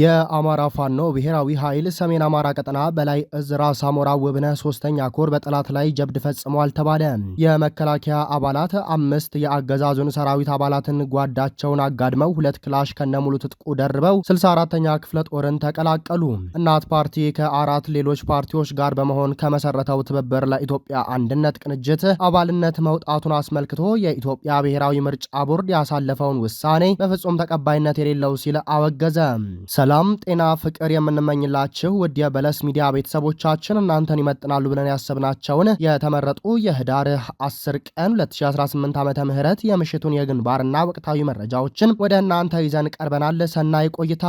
የአማራ ፋኖ ብሔራዊ ኃይል ሰሜን አማራ ቀጠና በላይ እዝ ራስ አሞራ ውብነህ ሶስተኛ ኮር በጠላት ላይ ጀብድ ፈጽሟል ተባለ። የመከላከያ አባላት አምስት የአገዛዙን ሰራዊት አባላትን ጓዳቸውን አጋድመው ሁለት ክላሽ ከነሙሉ ትጥቁ ደርበው 64ተኛ ክፍለ ጦርን ተቀላቀሉ። እናት ፓርቲ ከአራት ሌሎች ፓርቲዎች ጋር በመሆን ከመሰረተው ትብብር ለኢትዮጵያ አንድነት ቅንጅት አባልነት መውጣቱን አስመልክቶ የኢትዮጵያ ብሔራዊ ምርጫ ቦርድ ያሳለፈውን ውሳኔ በፍጹም ተቀባይነት የሌለው ሲል አወገዘ። ሰላም፣ ጤና፣ ፍቅር የምንመኝላችሁ ውድ የበለስ ሚዲያ ቤተሰቦቻችን እናንተን ይመጥናሉ ብለን ያሰብናቸውን የተመረጡ የህዳር 10 ቀን 2018 ዓ ምህረት የምሽቱን የግንባርና ወቅታዊ መረጃዎችን ወደ እናንተ ይዘን ቀርበናል። ሰናይ ቆይታ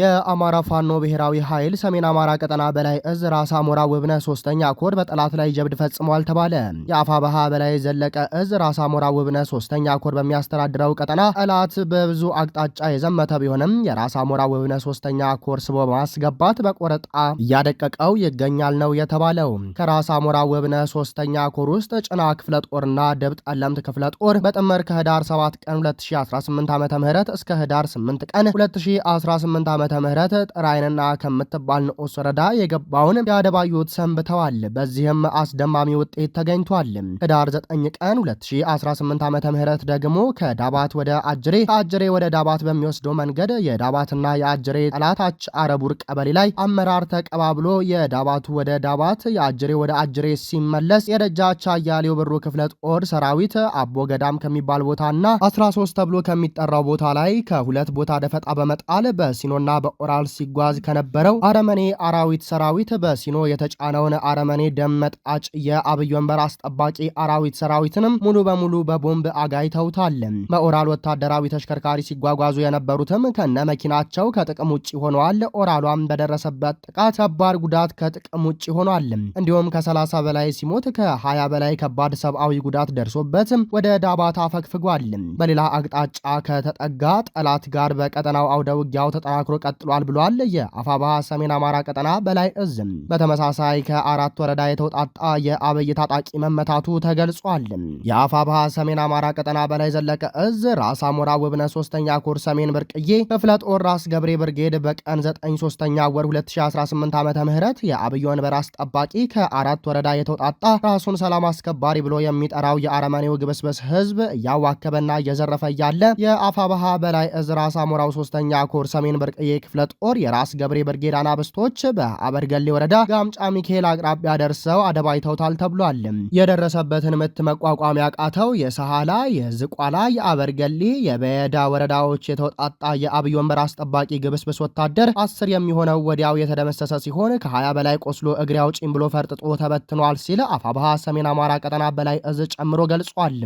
የአማራ ፋኖ ብሔራዊ ኃይል ሰሜን አማራ ቀጠና በላይ እዝ ራስ አሞራ ውብነ ሶስተኛ ኮር በጠላት ላይ ጀብድ ፈጽሟል ተባለ። የአፋ ባሃ በላይ ዘለቀ እዝ ራስ አሞራ ውብነ ሶስተኛ ኮር በሚያስተዳድረው ቀጠና ጠላት በብዙ አቅጣጫ የዘመተ ቢሆንም የራስ አሞራ ውብነ ሶስተኛ ኮር ስቦ በማስገባት በቆረጣ እያደቀቀው ይገኛል ነው የተባለው። ከራስ አሞራ ውብነ ሶስተኛ ኮር ውስጥ ጭና ክፍለ ጦርና ደብጥ ጠለምት ክፍለ ጦር በጥምር ከህዳር 7 ቀን 2018 ዓ ም እስከ ህዳር 8 ቀን 2018 ዓመተ ምህረት ጥራይንና ከምትባል ንዑስ ወረዳ የገባውን ያደባዩት ሰንብተዋል። በዚህም አስደማሚ ውጤት ተገኝቷል። ህዳር 9 ቀን 2018 ዓመተ ምህረት ደግሞ ከዳባት ወደ አጅሬ ከአጅሬ ወደ ዳባት በሚወስደው መንገድ የዳባትና የአጅሬ ጠላታች አረቡር ቀበሌ ላይ አመራር ተቀባብሎ የዳባቱ ወደ ዳባት የአጅሬ ወደ አጅሬ ሲመለስ የደጃች አያሌው ብሩ ክፍለ ጦር ሰራዊት አቦ ገዳም ከሚባል ቦታና 13 ተብሎ ከሚጠራው ቦታ ላይ ከሁለት ቦታ ደፈጣ በመጣል በሲኖና በባህርና በኦራል ሲጓዝ ከነበረው አረመኔ አራዊት ሰራዊት በሲኖ የተጫነውን አረመኔ ደም መጣጭ የአብይ ወንበር አስጠባቂ አራዊት ሰራዊትንም ሙሉ በሙሉ በቦምብ አጋይተውታል። በኦራል ወታደራዊ ተሽከርካሪ ሲጓጓዙ የነበሩትም ከነ መኪናቸው ከጥቅም ውጭ ሆነዋል። ኦራሏም በደረሰበት ጥቃት ከባድ ጉዳት ከጥቅም ውጭ ሆኗል። እንዲሁም ከ30 በላይ ሲሞት ከ20 በላይ ከባድ ሰብአዊ ጉዳት ደርሶበት ወደ ዳባት አፈግፍጓል። በሌላ አቅጣጫ ከተጠጋ ጠላት ጋር በቀጠናው አውደ ውጊያው ተጠናክሮ ቀጥሏል ብሏል። የአፋባሃ ሰሜን አማራ ቀጠና በላይ እዝም በተመሳሳይ ከአራት ወረዳ የተውጣጣ የአብይ ታጣቂ መመታቱ ተገልጿል። የአፋባሃ ሰሜን አማራ ቀጠና በላይ ዘለቀ እዝ ራስ አሞራ ውብነ ሶስተኛ ኮር ሰሜን ብርቅዬ ክፍለ ጦር ራስ ገብሬ ብርጌድ በቀን 9 ሶስተኛ ወር 2018 ዓ ም የአብይ ወንበር አስጠባቂ ከአራት ወረዳ የተውጣጣ ራሱን ሰላም አስከባሪ ብሎ የሚጠራው የአረመኔው ግብስብስ ህዝብ እያዋከበና እየዘረፈ እያለ የአፋባሃ በላይ እዝ ራስ አሞራው ሶስተኛ ኮር ሰሜን ብርቅዬ ክፍለ ጦር የራስ ገብሬ ብርጌድ አናብስቶች በአበርገሌ ወረዳ ጋምጫ ሚካኤል አቅራቢያ ደርሰው አደባይተውታል ተብሏል። የደረሰበትን ምት መቋቋም ያቃተው የሰሃላ፣ የዝቋላ፣ የአበርገሌ፣ የበየዳ ወረዳዎች የተወጣጣ የአብይ ወንበር አስጠባቂ ግብስብስ ወታደር አስር የሚሆነው ወዲያው የተደመሰሰ ሲሆን ከ20 በላይ ቆስሎ እግሬ አውጪኝ ብሎ ፈርጥጦ ተበትኗል ሲል አፋብሃ ሰሜን አማራ ቀጠና በላይ እዝ ጨምሮ ገልጿል።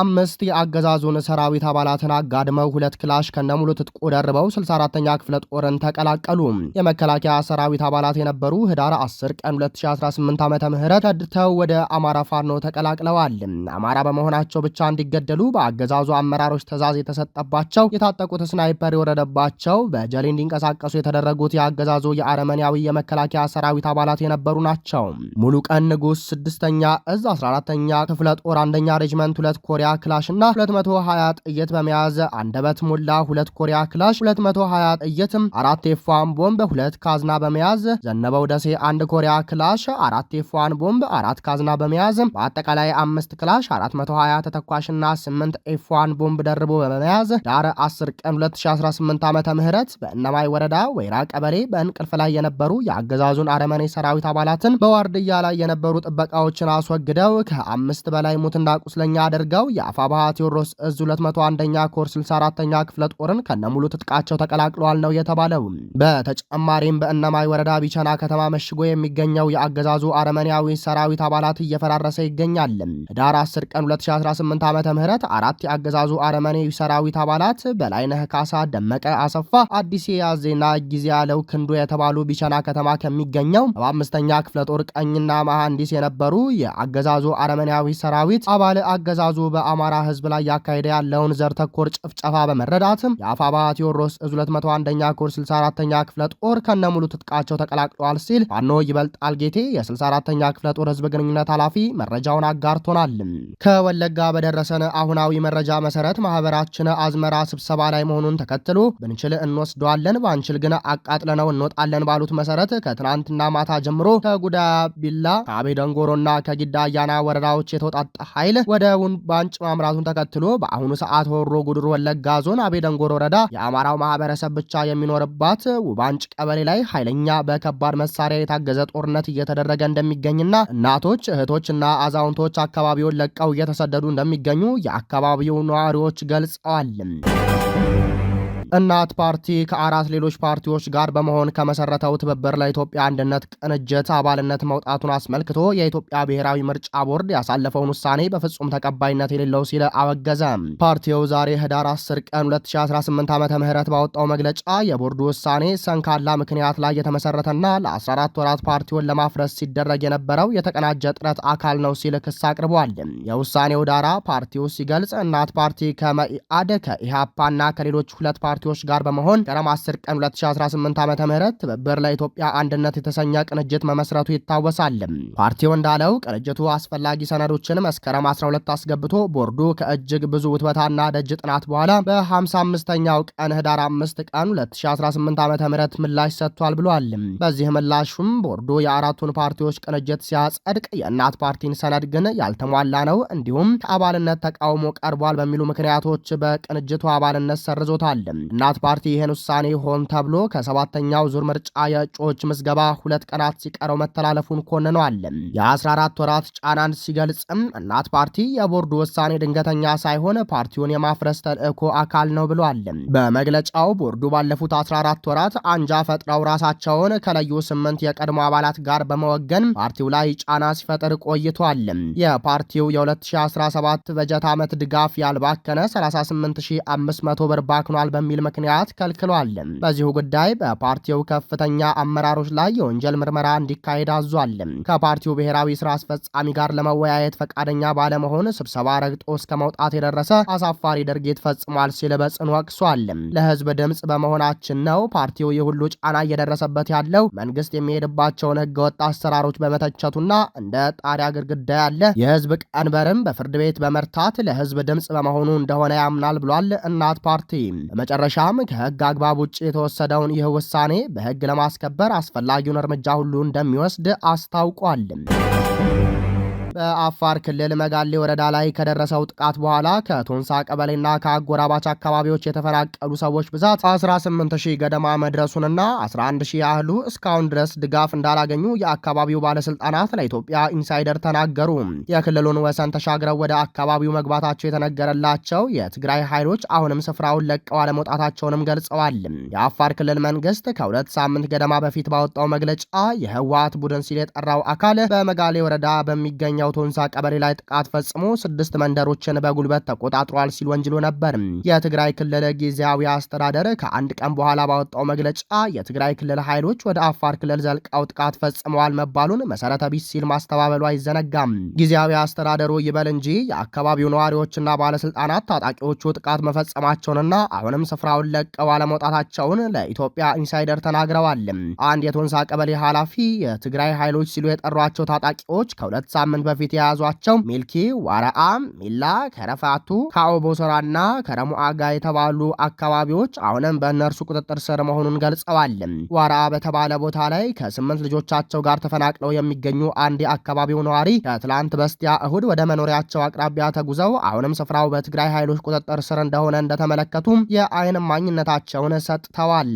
አምስት የአገዛዙን ሰራዊት አባላትን አጋድመው ሁለት ክላሽ ከነሙሉ ትጥቁ ደርበው 64ኛ ክፍለ ጦርን ተቀላቀሉ። የመከላከያ ሰራዊት አባላት የነበሩ ህዳር 10 ቀን 2018 ዓ ም ተድተው ወደ አማራ ፋኖ ተቀላቅለዋል። አማራ በመሆናቸው ብቻ እንዲገደሉ በአገዛዙ አመራሮች ትዕዛዝ የተሰጠባቸው የታጠቁት ስናይፐር የወረደባቸው በጀሌ እንዲንቀሳቀሱ የተደረጉት የአገዛዙ የአረመኔያዊ የመከላከያ ሰራዊት አባላት የነበሩ ናቸው። ሙሉ ቀን ንጉስ ስድስተኛ እዝ 14ኛ ክፍለ ጦር አንደኛ ሬጅመንት ሁለት ኮሪያ ኮሪያ ክላሽና 220 ጥይት በመያዝ አንደበት ሞላ ሁለት ኮሪያ ክላሽ 220 ጥይትም አራት ኤፏን ቦምብ ሁለት ካዝና በመያዝ ዘነበው ደሴ አንድ ኮሪያ ክላሽ አራት ኤፏን ቦምብ አራት ካዝና በመያዝ በአጠቃላይ አምስት ክላሽ 420 ተተኳሽና 8 ኤፏን ቦምብ ደርቦ በመያዝ ዳር 10 ቀን 2018 ዓመተ ምህረት በእነማይ ወረዳ ወይራ ቀበሌ በእንቅልፍ ላይ የነበሩ የአገዛዙን አረመኔ ሰራዊት አባላትን በዋርድያ ላይ የነበሩ ጥበቃዎችን አስወግደው ከአምስት በላይ ሙትና ቁስለኛ አድርገው የአፋባሃ ቴዎድሮስ እዝ 201ኛ ኮር 64ኛ ክፍለ ጦርን ከነሙሉ ትጥቃቸው ተቀላቅለዋል ነው የተባለው። በተጨማሪም በእነማይ ወረዳ ቢቸና ከተማ መሽጎ የሚገኘው የአገዛዙ አረመኔያዊ ሰራዊት አባላት እየፈራረሰ ይገኛል። ህዳር 10 ቀን 2018 ዓ ም አራት የአገዛዙ አረመኔ ሰራዊት አባላት በላይነህ ካሳ፣ ደመቀ አሰፋ፣ አዲስ የያዜና ጊዜ ያለው ክንዶ የተባሉ ቢቸና ከተማ ከሚገኘው በአምስተኛ ክፍለ ጦር ቀኝና መሐንዲስ የነበሩ የአገዛዙ አረመኔያዊ ሰራዊት አባል አገዛዙ በ በአማራ ህዝብ ላይ ያካሄደ ያለውን ዘር ተኮር ጭፍጨፋ በመረዳትም የአፋባ ቴዎድሮስ እዝ 201ኛ ኮር 64ኛ ክፍለ ጦር ከነሙሉ ትጥቃቸው ተቀላቅለዋል ሲል ፋኖ ይበልጣል ጌቴ የ64ኛ ክፍለ ጦር ህዝብ ግንኙነት ኃላፊ መረጃውን አጋርቶናል። ከወለጋ በደረሰን አሁናዊ መረጃ መሰረት ማህበራችን አዝመራ ስብሰባ ላይ መሆኑን ተከትሎ ብንችል እንወስደዋለን ባንችል ግን አቃጥለነው እንወጣለን ባሉት መሰረት ከትናንትና ማታ ጀምሮ ከጉዳ ቢላ ከአቤ ደንጎሮና ከጊዳ አያና ወረዳዎች የተውጣጣ ኃይል ወደ ውንባ ዋንጭ ማምራቱን ተከትሎ በአሁኑ ሰዓት ሆሮ ጉድሩ ወለጋ ዞን አቤደንጎር ወረዳ የአማራው ማህበረሰብ ብቻ የሚኖርባት ውባንጭ ቀበሌ ላይ ኃይለኛ በከባድ መሳሪያ የታገዘ ጦርነት እየተደረገ እንደሚገኝና እናቶች፣ እህቶችና አዛውንቶች አካባቢውን ለቀው እየተሰደዱ እንደሚገኙ የአካባቢው ነዋሪዎች ገልጸዋል። እናት ፓርቲ ከአራት ሌሎች ፓርቲዎች ጋር በመሆን ከመሰረተው ትብብር ለኢትዮጵያ አንድነት ቅንጅት አባልነት መውጣቱን አስመልክቶ የኢትዮጵያ ብሔራዊ ምርጫ ቦርድ ያሳለፈውን ውሳኔ በፍጹም ተቀባይነት የሌለው ሲል አወገዘ። ፓርቲው ዛሬ ህዳር 10 ቀን 2018 ዓ ም ባወጣው መግለጫ የቦርዱ ውሳኔ ሰንካላ ምክንያት ላይ የተመሰረተና ለ14 ወራት ፓርቲውን ለማፍረስ ሲደረግ የነበረው የተቀናጀ ጥረት አካል ነው ሲል ክስ አቅርቧል። የውሳኔው ዳራ ፓርቲው ሲገልጽ እናት ፓርቲ ከመኢአድ ከኢሃፓና ከሌሎች ሁለት ፓርቲ ፓርቲዎች ጋር በመሆን መስከረም 10 ቀን 2018 ዓ ም ትብብር ለኢትዮጵያ አንድነት የተሰኘ ቅንጅት መመስረቱ ይታወሳል። ፓርቲው እንዳለው ቅንጅቱ አስፈላጊ ሰነዶችን መስከረም 12 አስገብቶ ቦርዱ ከእጅግ ብዙ ውትበታና ደጅ ጥናት በኋላ በ55ኛው ቀን ህዳር 5 ቀን 2018 ዓ ም ምላሽ ሰጥቷል ብሏል። በዚህ ምላሹም ቦርዱ የአራቱን ፓርቲዎች ቅንጅት ሲያጸድቅ የእናት ፓርቲን ሰነድ ግን ያልተሟላ ነው፣ እንዲሁም ከአባልነት ተቃውሞ ቀርቧል በሚሉ ምክንያቶች በቅንጅቱ አባልነት ሰርዞታል። እናት ፓርቲ ይህን ውሳኔ ሆን ተብሎ ከሰባተኛው ዙር ምርጫ የእጩዎች ምዝገባ ሁለት ቀናት ሲቀረው መተላለፉን ኮንነዋል። የ14 ወራት ጫናን ሲገልጽም እናት ፓርቲ የቦርዱ ውሳኔ ድንገተኛ ሳይሆን ፓርቲውን የማፍረስ ተልእኮ አካል ነው ብሏል። በመግለጫው ቦርዱ ባለፉት 14 ወራት አንጃ ፈጥረው ራሳቸውን ከለዩ ስምንት የቀድሞ አባላት ጋር በመወገን ፓርቲው ላይ ጫና ሲፈጥር ቆይቷል። የፓርቲው የ2017 በጀት ዓመት ድጋፍ ያልባከነ 38500 ብር ባክኗል በሚል በሚል ምክንያት ከልክሏል። በዚሁ ጉዳይ በፓርቲው ከፍተኛ አመራሮች ላይ የወንጀል ምርመራ እንዲካሄድ አዟል። ከፓርቲው ብሔራዊ ስራ አስፈጻሚ ጋር ለመወያየት ፈቃደኛ ባለመሆን ስብሰባ ረግጦ እስከ መውጣት የደረሰ አሳፋሪ ድርጊት ፈጽሟል ሲል በጽኑ ወቅሷል። ለህዝብ ድምፅ በመሆናችን ነው ፓርቲው የሁሉ ጫና እየደረሰበት ያለው መንግስት የሚሄድባቸውን ህገወጥ አሰራሮች በመተቸቱና እንደ ጣሪያ ግድግዳ ያለ የህዝብ ቀንበርም በፍርድ ቤት በመርታት ለህዝብ ድምፅ በመሆኑ እንደሆነ ያምናል ብሏል። እናት ፓርቲ በመጨረሻ በመጨረሻም ከህግ አግባብ ውጭ የተወሰደውን ይህ ውሳኔ በህግ ለማስከበር አስፈላጊውን እርምጃ ሁሉ እንደሚወስድ አስታውቋል። በአፋር ክልል መጋሌ ወረዳ ላይ ከደረሰው ጥቃት በኋላ ከቶንሳ ቀበሌና ከአጎራባች አካባቢዎች የተፈናቀሉ ሰዎች ብዛት 18 ሺህ ገደማ መድረሱንና 11 ሺህ ያህሉ እስካሁን ድረስ ድጋፍ እንዳላገኙ የአካባቢው ባለስልጣናት ለኢትዮጵያ ኢንሳይደር ተናገሩ። የክልሉን ወሰን ተሻግረው ወደ አካባቢው መግባታቸው የተነገረላቸው የትግራይ ኃይሎች አሁንም ስፍራውን ለቀው አለመውጣታቸውንም ገልጸዋል። የአፋር ክልል መንግስት ከሁለት ሳምንት ገደማ በፊት ባወጣው መግለጫ የህወሀት ቡድን ሲል የጠራው አካል በመጋሌ ወረዳ በሚገኘው በመገኛው ቶንሳ ቀበሌ ላይ ጥቃት ፈጽሞ ስድስት መንደሮችን በጉልበት ተቆጣጥሯል ሲል ወንጅሎ ነበር። የትግራይ ክልል ጊዜያዊ አስተዳደር ከአንድ ቀን በኋላ ባወጣው መግለጫ የትግራይ ክልል ኃይሎች ወደ አፋር ክልል ዘልቀው ጥቃት ፈጽመዋል መባሉን መሰረተ ቢስ ሲል ማስተባበሉ አይዘነጋም። ጊዜያዊ አስተዳደሩ ይበል እንጂ የአካባቢው ነዋሪዎችና ባለስልጣናት ታጣቂዎቹ ጥቃት መፈጸማቸውንና አሁንም ስፍራውን ለቀው አለመውጣታቸውን ለኢትዮጵያ ኢንሳይደር ተናግረዋል። አንድ የቶንሳ ቀበሌ ኃላፊ የትግራይ ኃይሎች ሲሉ የጠሯቸው ታጣቂዎች ከሁለት ሳምንት በፊት የያዟቸው ሚልኪ፣ ዋራአ፣ ሚላ፣ ከረፋቱ፣ ከአቦሰራና ከረሙአጋ የተባሉ አካባቢዎች አሁንም በእነርሱ ቁጥጥር ስር መሆኑን ገልጸዋል። ዋራ በተባለ ቦታ ላይ ከስምንት ልጆቻቸው ጋር ተፈናቅለው የሚገኙ አንድ የአካባቢው ነዋሪ ከትላንት በስቲያ እሁድ ወደ መኖሪያቸው አቅራቢያ ተጉዘው አሁንም ስፍራው በትግራይ ኃይሎች ቁጥጥር ስር እንደሆነ እንደተመለከቱ የአይን ማኝነታቸውን ሰጥተዋል።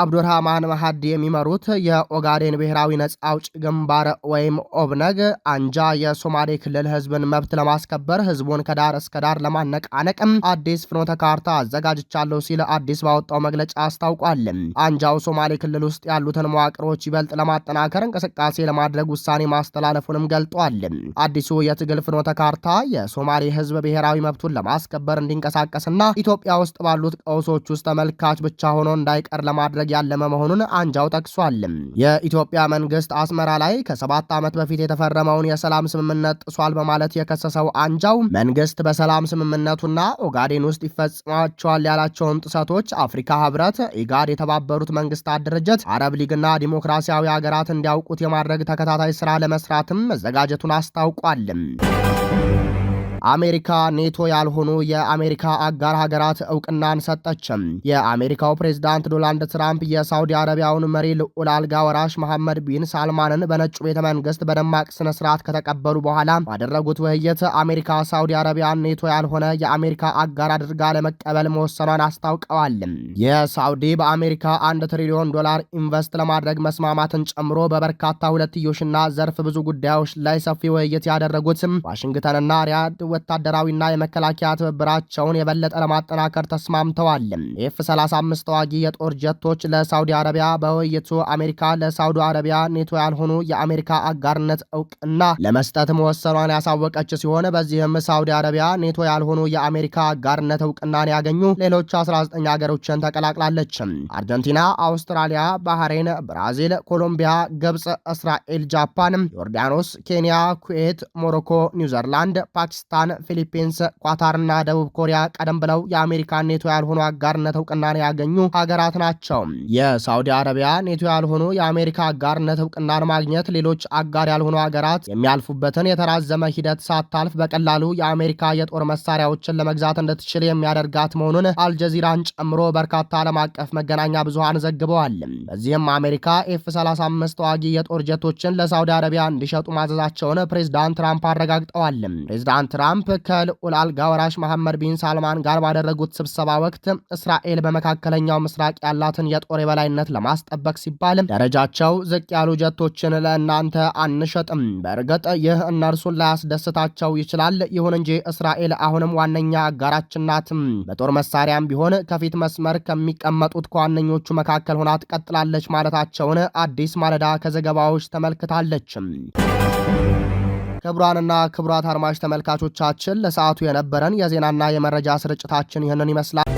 አብዱራህማን መሀዲ የሚመሩት የኦጋዴን ብሔራዊ ነጻ አውጭ ግንባር ወይም ኦብነግ አንጃ የሶማሌ ክልል ህዝብን መብት ለማስከበር ህዝቡን ከዳር እስከ ዳር ለማነቃነቅም አዲስ ፍኖተ ካርታ አዘጋጅቻለሁ ሲል አዲስ ባወጣው መግለጫ አስታውቋል። አንጃው ሶማሌ ክልል ውስጥ ያሉትን መዋቅሮች ይበልጥ ለማጠናከር እንቅስቃሴ ለማድረግ ውሳኔ ማስተላለፉንም ገልጧል። አዲሱ የትግል ፍኖተ ካርታ የሶማሌ ህዝብ ብሔራዊ መብቱን ለማስከበር እንዲንቀሳቀስና ኢትዮጵያ ውስጥ ባሉት ቀውሶች ውስጥ ተመልካች ብቻ ሆኖ እንዳይቀር ለማድረግ ለማድረግ ያለመ መሆኑን አንጃው ጠቅሷል። የኢትዮጵያ መንግስት አስመራ ላይ ከሰባት ዓመት በፊት የተፈረመውን የሰላም ስምምነት ጥሷል በማለት የከሰሰው አንጃው መንግስት በሰላም ስምምነቱና ኦጋዴን ውስጥ ይፈጽማቸዋል ያላቸውን ጥሰቶች አፍሪካ ህብረት፣ ኢጋድ፣ የተባበሩት መንግስታት ድርጅት፣ አረብ ሊግና ዲሞክራሲያዊ ሀገራት እንዲያውቁት የማድረግ ተከታታይ ስራ ለመስራትም መዘጋጀቱን አስታውቋል። አሜሪካ ኔቶ ያልሆኑ የአሜሪካ አጋር ሀገራት እውቅናን ሰጠችም። የአሜሪካው ፕሬዝዳንት ዶናልድ ትራምፕ የሳውዲ አረቢያውን መሪ ልዑል አልጋ ወራሽ መሐመድ ቢን ሳልማንን በነጩ ቤተ መንግስት በደማቅ ስነ ስርዓት ከተቀበሉ በኋላ ባደረጉት ውይይት አሜሪካ ሳውዲ አረቢያን ኔቶ ያልሆነ የአሜሪካ አጋር አድርጋ ለመቀበል መወሰኗን አስታውቀዋል። የሳውዲ በአሜሪካ አንድ ትሪሊዮን ዶላር ኢንቨስት ለማድረግ መስማማትን ጨምሮ በበርካታ ሁለትዮሽና ዘርፍ ብዙ ጉዳዮች ላይ ሰፊ ውይይት ያደረጉት ዋሽንግተንና ሪያድ ወታደራዊና የመከላከያ ትብብራቸውን የበለጠ ለማጠናከር ተስማምተዋል። ኤፍ 35 ተዋጊ የጦር ጀቶች ለሳውዲ አረቢያ በውይይቱ አሜሪካ ለሳውዲ አረቢያ ኔቶ ያልሆኑ የአሜሪካ አጋርነት እውቅና ለመስጠት መወሰኗን ያሳወቀች ሲሆን በዚህም ሳውዲ አረቢያ ኔቶ ያልሆኑ የአሜሪካ አጋርነት እውቅናን ያገኙ ሌሎች 19 ሀገሮችን ተቀላቅላለች። አርጀንቲና፣ አውስትራሊያ፣ ባህሬን፣ ብራዚል፣ ኮሎምቢያ፣ ግብፅ፣ እስራኤል፣ ጃፓን፣ ዮርዳኖስ፣ ኬንያ፣ ኩዌት፣ ሞሮኮ፣ ኒውዚርላንድ፣ ፓኪስታን ጃፓን፣ ፊሊፒንስ፣ ኳታርና ደቡብ ኮሪያ ቀደም ብለው የአሜሪካ ኔቶ ያልሆኑ አጋርነት እውቅናን ያገኙ ሀገራት ናቸው። የሳውዲ አረቢያ ኔቶ ያልሆኑ የአሜሪካ አጋርነት እውቅናን ማግኘት ሌሎች አጋር ያልሆኑ ሀገራት የሚያልፉበትን የተራዘመ ሂደት ሳታልፍ በቀላሉ የአሜሪካ የጦር መሳሪያዎችን ለመግዛት እንድትችል የሚያደርጋት መሆኑን አልጀዚራን ጨምሮ በርካታ ዓለም አቀፍ መገናኛ ብዙሃን ዘግበዋል። በዚህም አሜሪካ ኤፍ 35 ተዋጊ የጦር ጀቶችን ለሳውዲ አረቢያ እንዲሸጡ ማዘዛቸውን ፕሬዚዳንት ትራምፕ አረጋግጠዋል። ፕሬዚዳንት ትራምፕ ትራምፕ ከልዑል አልጋ ወራሽ መሐመድ ቢን ሳልማን ጋር ባደረጉት ስብሰባ ወቅት እስራኤል በመካከለኛው ምስራቅ ያላትን የጦር የበላይነት ለማስጠበቅ ሲባል ደረጃቸው ዝቅ ያሉ ጀቶችን ለእናንተ አንሸጥም። በእርግጥ ይህ እነርሱን ላያስደስታቸው ይችላል። ይሁን እንጂ እስራኤል አሁንም ዋነኛ አጋራችን ናት። በጦር መሳሪያም ቢሆን ከፊት መስመር ከሚቀመጡት ከዋነኞቹ መካከል ሆና ትቀጥላለች ማለታቸውን አዲስ ማለዳ ከዘገባዎች ተመልክታለች። ክቡራንና ክቡራት አድማጭ ተመልካቾቻችን ለሰዓቱ የነበረን የዜናና የመረጃ ስርጭታችን ይህንን ይመስላል።